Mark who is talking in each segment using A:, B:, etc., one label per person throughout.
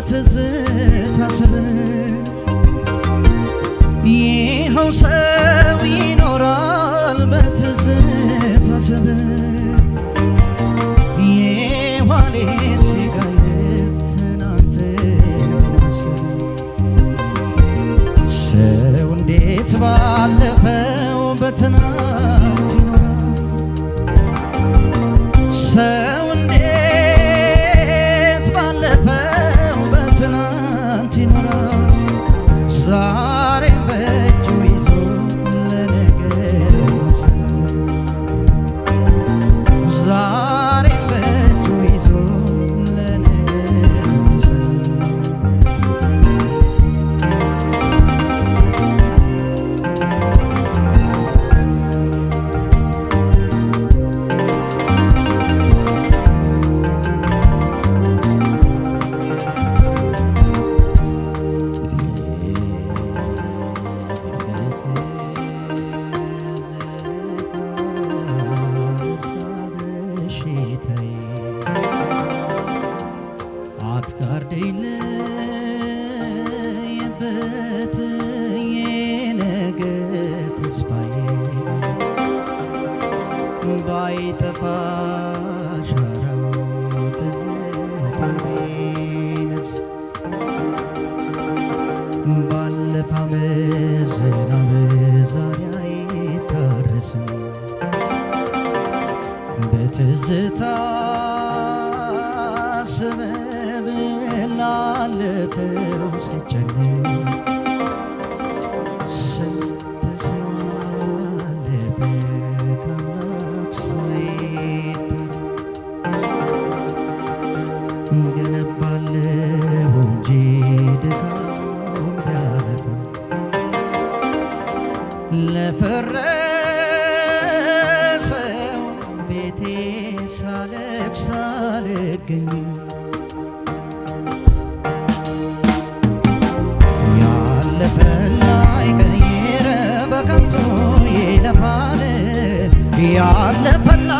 A: በትዝታ ስም ይኸው ሰው ይኖራል በትዝታ ስም ብላለፈው ሲጨነቅ ያለፈና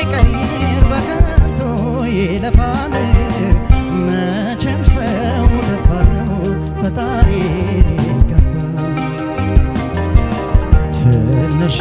A: ይቀይር በከንቱ ይለፋል መቼም ሰው ልባው ፈጣሪ ይገባል ትንሽ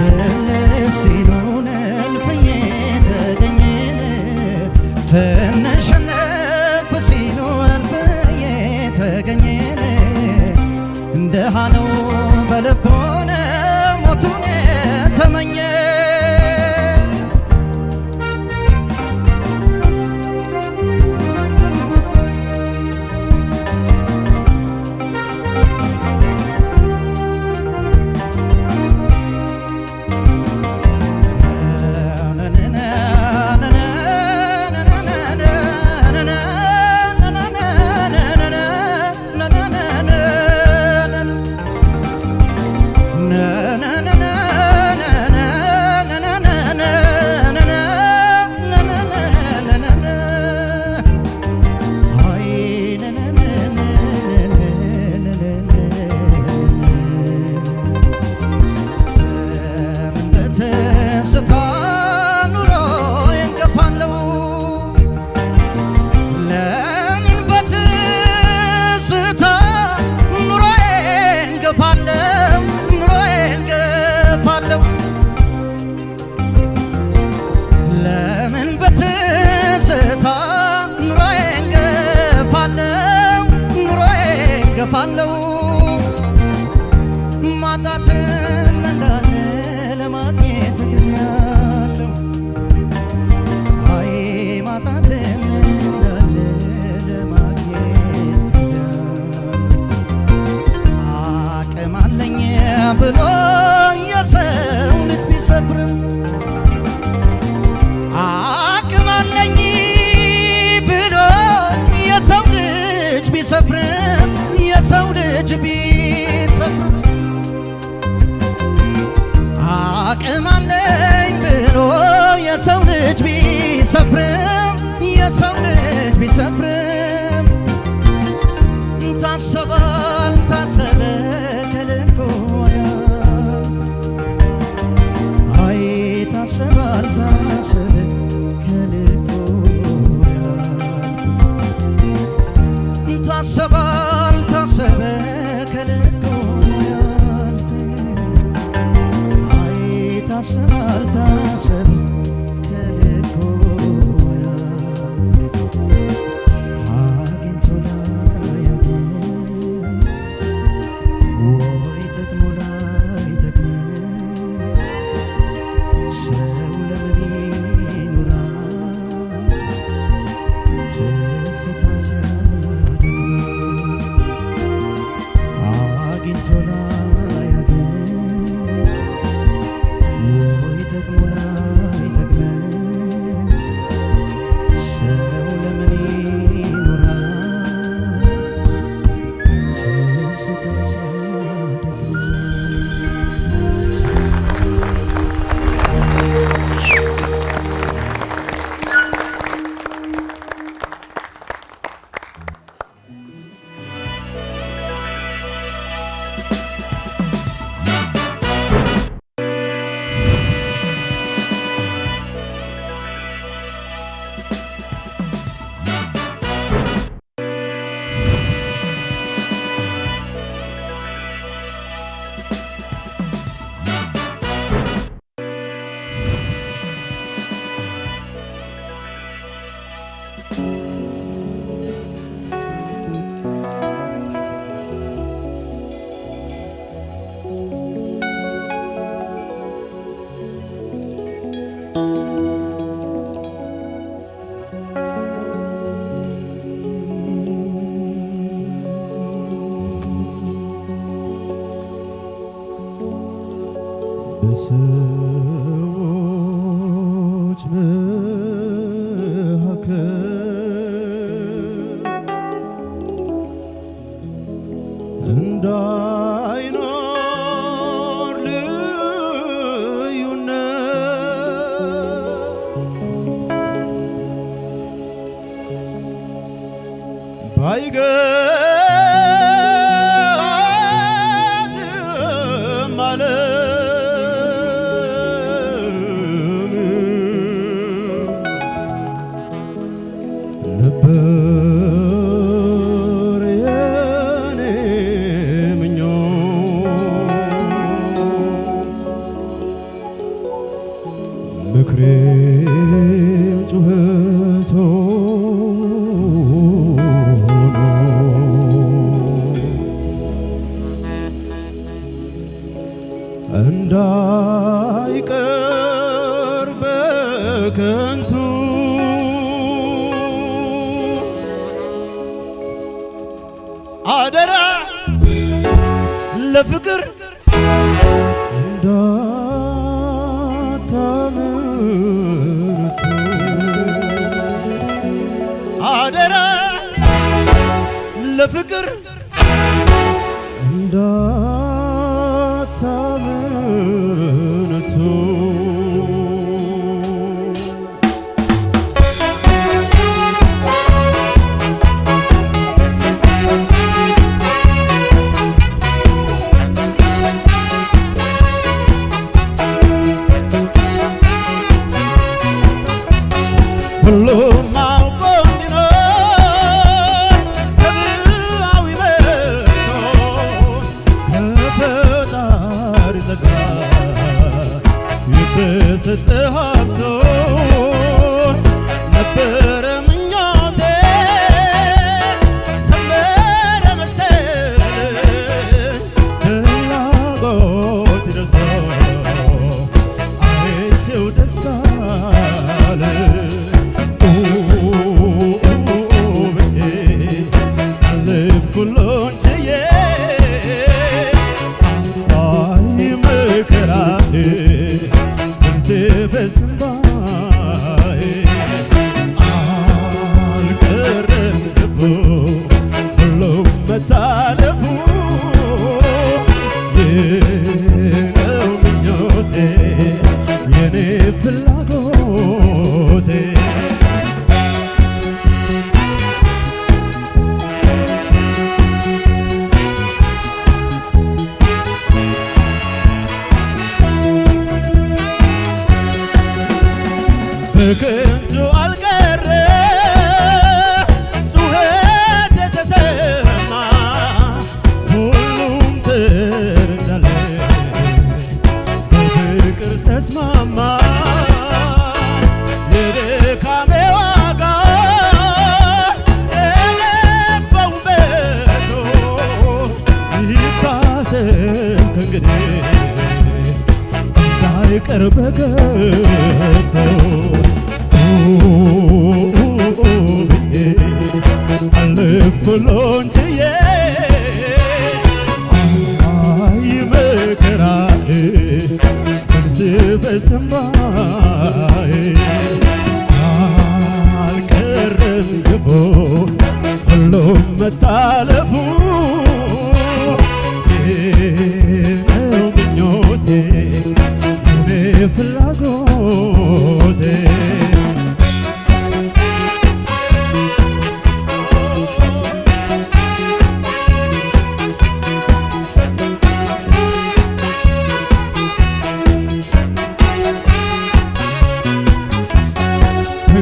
A: 次。ለፍቅር እንዳታመርቱ አደራ ለፍቅር እንዳ Lord. que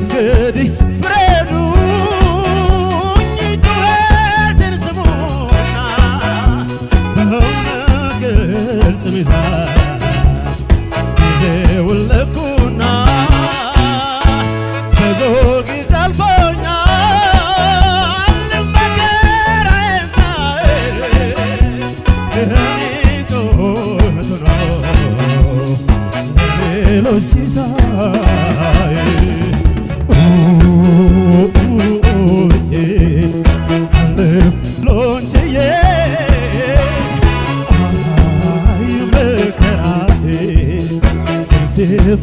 A: grande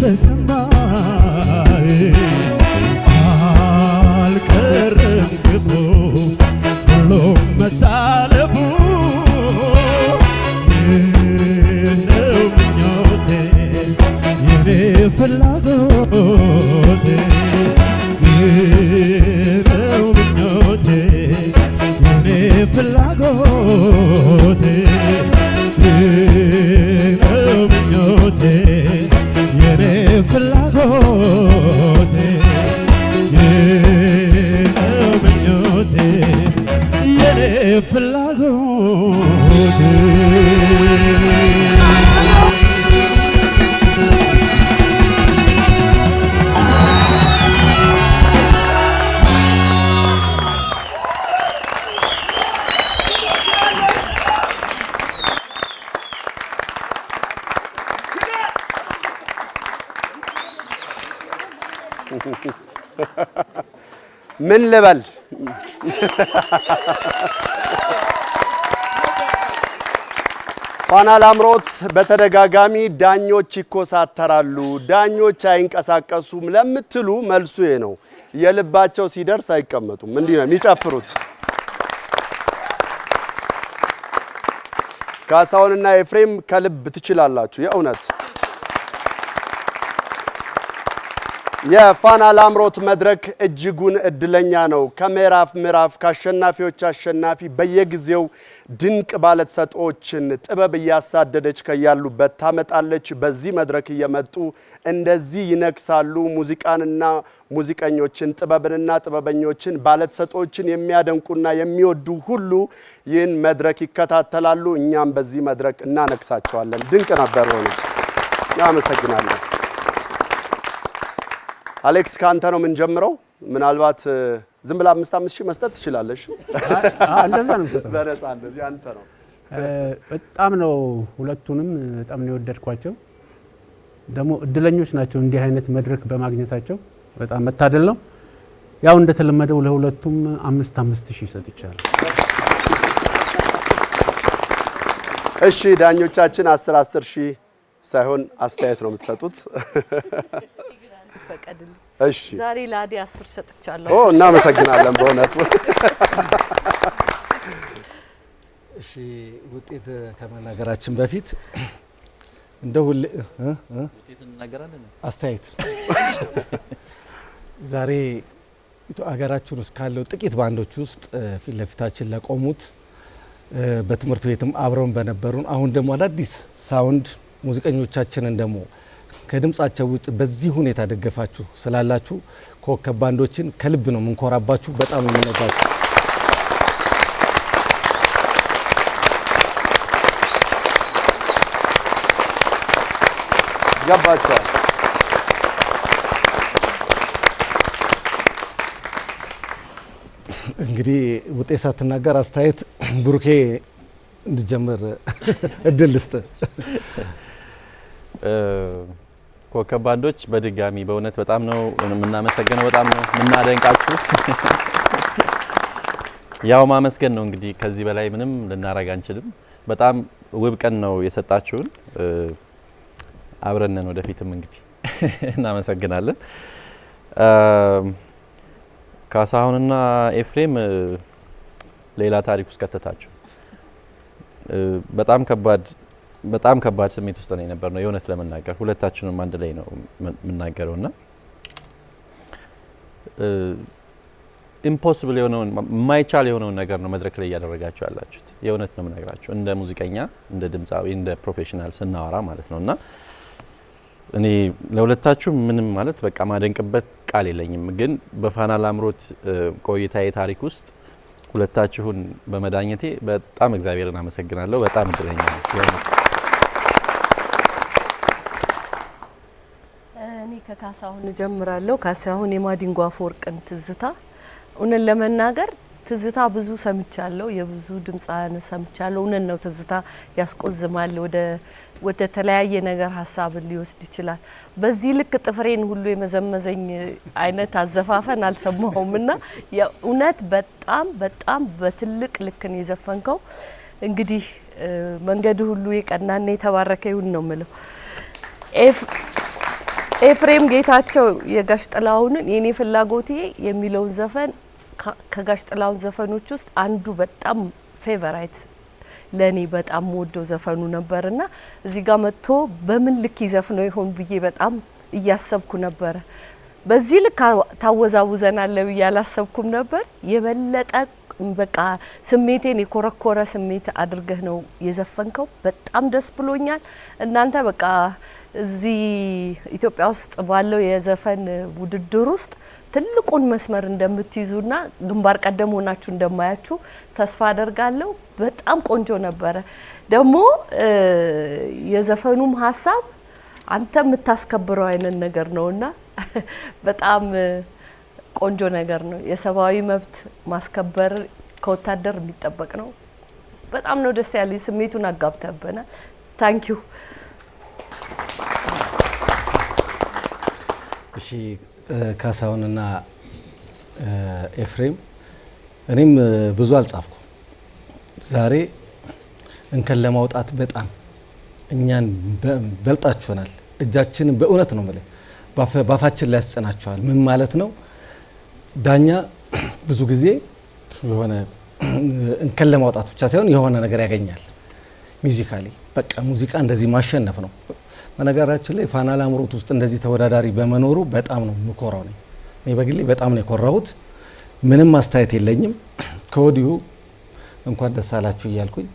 A: በሰማይ አልቀረም ክፉ
B: من لبل ፋና ላምሮት በተደጋጋሚ ዳኞች ይኮሳተራሉ፣ ዳኞች አይንቀሳቀሱም ለምትሉ መልሱ ነው። የልባቸው ሲደርስ አይቀመጡም፣ እንዲህ ነው የሚጨፍሩት። ካሳሁንና ኤፍሬም ከልብ ትችላላችሁ የእውነት የፋና ላምሮት መድረክ እጅጉን እድለኛ ነው። ከምዕራፍ ምዕራፍ ከአሸናፊዎች አሸናፊ በየጊዜው ድንቅ ባለተሰጥኦችን ጥበብ እያሳደደች ከያሉበት ታመጣለች። በዚህ መድረክ እየመጡ እንደዚህ ይነግሳሉ። ሙዚቃንና ሙዚቀኞችን ጥበብንና ጥበበኞችን ባለተሰጦችን የሚያደንቁና የሚወዱ ሁሉ ይህን መድረክ ይከታተላሉ። እኛም በዚህ መድረክ እናነግሳቸዋለን። ድንቅ ነበር ሆኑት። አመሰግናለሁ። አሌክስ ከአንተ ነው የምንጀምረው። ምናልባት ዝም ብላ አምስት አምስት ሺህ መስጠት ትችላለሽ።
C: እንደዛ ነው በነጻ እንደዚህ አንተ ነው። በጣም ነው ሁለቱንም በጣም ነው የወደድኳቸው። ደግሞ እድለኞች ናቸው እንዲህ አይነት መድረክ በማግኘታቸው በጣም መታደል ነው። ያው እንደተለመደው ለሁለቱም አምስት አምስት ሺህ ሰጥቻለሁ።
B: እሺ ዳኞቻችን አስር አስር ሺህ ሳይሆን አስተያየት ነው የምትሰጡት።
D: ይፈቀድልኝ። እሺ ዛሬ ለአዲ አስር ሸጥቻለሁ።
B: ኦ እናመሰግናለን በእውነቱ።
C: እሺ ውጤት ከመናገራችን በፊት እንደ ሁሌ አስተያየት ዛሬ ሀገራችን ውስጥ ካለው ጥቂት ባንዶች ውስጥ ፊት ለፊታችን ለቆሙት በትምህርት ቤትም አብረውን በነበሩን አሁን ደግሞ አዳዲስ ሳውንድ ሙዚቀኞቻችንን ደግሞ ከድምጻቸው ውጭ በዚህ ሁኔታ ደገፋችሁ ስላላችሁ ኮከብ ባንዶችን ከልብ ነው የምንኮራባችሁ። በጣም የምንወዳችሁ ገባቸዋል። እንግዲህ ውጤት ሳትናገር አስተያየት ብሩኬ እንድጀምር እድል ልስጥ።
E: ኮከብ ባንዶች በድጋሚ በእውነት በጣም ነው የምናመሰግነው፣ በጣም ነው የምናደንቃችሁ። ያው ማመስገን ነው እንግዲህ ከዚህ በላይ ምንም ልናረግ አንችልም። በጣም ውብ ቀን ነው የሰጣችሁን። አብረነን ወደፊትም እንግዲህ እናመሰግናለን። ካሳሁንና ኤፍሬም ሌላ ታሪክ ውስጥ ከተታችሁ በጣም ከባድ በጣም ከባድ ስሜት ውስጥ ነው የነበር ነው የእውነት ለመናገር ሁለታችንም አንድ ላይ ነው የምናገረው ና ኢምፖስብል የሆነውን የማይቻል የሆነውን ነገር ነው መድረክ ላይ እያደረጋችሁ ያላችሁት። የእውነት ነው የምነግራችሁ እንደ ሙዚቀኛ፣ እንደ ድምፃዊ፣ እንደ ፕሮፌሽናል ስናወራ ማለት ነው እና እኔ ለሁለታችሁ ምንም ማለት በቃ ማደንቅበት ቃል የለኝም። ግን በፋና ላምሮት ቆይታዬ ታሪክ ውስጥ ሁለታችሁን በመዳኘቴ በጣም እግዚአብሔርን አመሰግናለሁ። በጣም እድለኛ ነው።
F: ከካሳሁን እጀምራለሁ። ካሳሁን የማዲንጎ አፈወርቅን ትዝታ እውነት ለመናገር ትዝታ ብዙ ሰምቻለሁ፣ የብዙ ድምፃን ሰምቻለሁ። እውነት ነው ትዝታ ያስቆዝማል፣ ወደ ወደ ተለያየ ነገር ሀሳብን ሊወስድ ይችላል። በዚህ ልክ ጥፍሬን ሁሉ የመዘመዘኝ አይነት አዘፋፈን አልሰማሁም እና እውነት በጣም በጣም በትልቅ ልክን የዘፈንከው እንግዲህ መንገድ ሁሉ የቀናና የተባረከ ይሁን ነው ምለው። ኤፍ ኤፍሬም ጌታቸው የጋሽ ጥላሁንን የኔ ፍላጎቴ የሚለውን ዘፈን ከጋሽ ጥላሁን ዘፈኖች ውስጥ አንዱ በጣም ፌቨራይት ለእኔ በጣም ወደው ዘፈኑ ነበርና እዚህ ጋር መጥቶ በምን ልክ ይዘፍነው ይሆን ብዬ በጣም እያሰብኩ ነበረ። በዚህ ልክ ታወዛውዘናለ ብዬ አላሰብኩም ነበር። የበለጠ በቃ ስሜቴን የኮረኮረ ስሜት አድርገህ ነው የዘፈንከው። በጣም ደስ ብሎኛል። እናንተ በቃ እዚህ ኢትዮጵያ ውስጥ ባለው የዘፈን ውድድር ውስጥ ትልቁን መስመር እንደምትይዙና ግንባር ቀደም ሆናችሁ እንደማያችሁ ተስፋ አደርጋለሁ። በጣም ቆንጆ ነበረ። ደግሞ የዘፈኑም ሀሳብ አንተ የምታስከብረው አይነት ነገር ነውና በጣም ቆንጆ ነገር ነው። የሰብአዊ መብት ማስከበር ከወታደር የሚጠበቅ ነው። በጣም ነው ደስ ያለኝ። ስሜቱን አጋብተብናል። ታንኪ ዩ።
C: እሺ ካሳሁንና ኤፍሬም እኔም ብዙ አልጻፍኩ ዛሬ እንከን ለማውጣት በጣም እኛን በልጣችሁናል። እጃችንን በእውነት ነው የምልህ፣ ባፋችን ላይ ምን ማለት ነው? ዳኛ ብዙ ጊዜ የሆነ እንከን ለማውጣት ብቻ ሳይሆን የሆነ ነገር ያገኛል። ሚዚካሊ በቃ ሙዚቃ እንደዚህ ማሸነፍ ነው። በነገራችን ላይ ፋና ላምሮት ውስጥ እንደዚህ ተወዳዳሪ በመኖሩ በጣም ነው የምኮራው። ነኝ እኔ በግሌ በጣም ነው የኮራሁት። ምንም አስተያየት የለኝም። ከወዲሁ እንኳን ደስ አላችሁ እያልኩኝ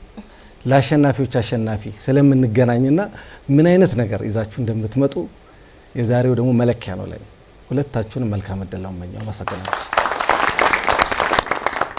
C: ለአሸናፊዎች አሸናፊ ስለምንገናኝና ምን አይነት ነገር ይዛችሁ እንደምትመጡ የዛሬው ደግሞ መለኪያ ነው ለኔ። ሁለታችሁን መልካም እድል ነው እመኛለሁ። አመሰግናለሁ።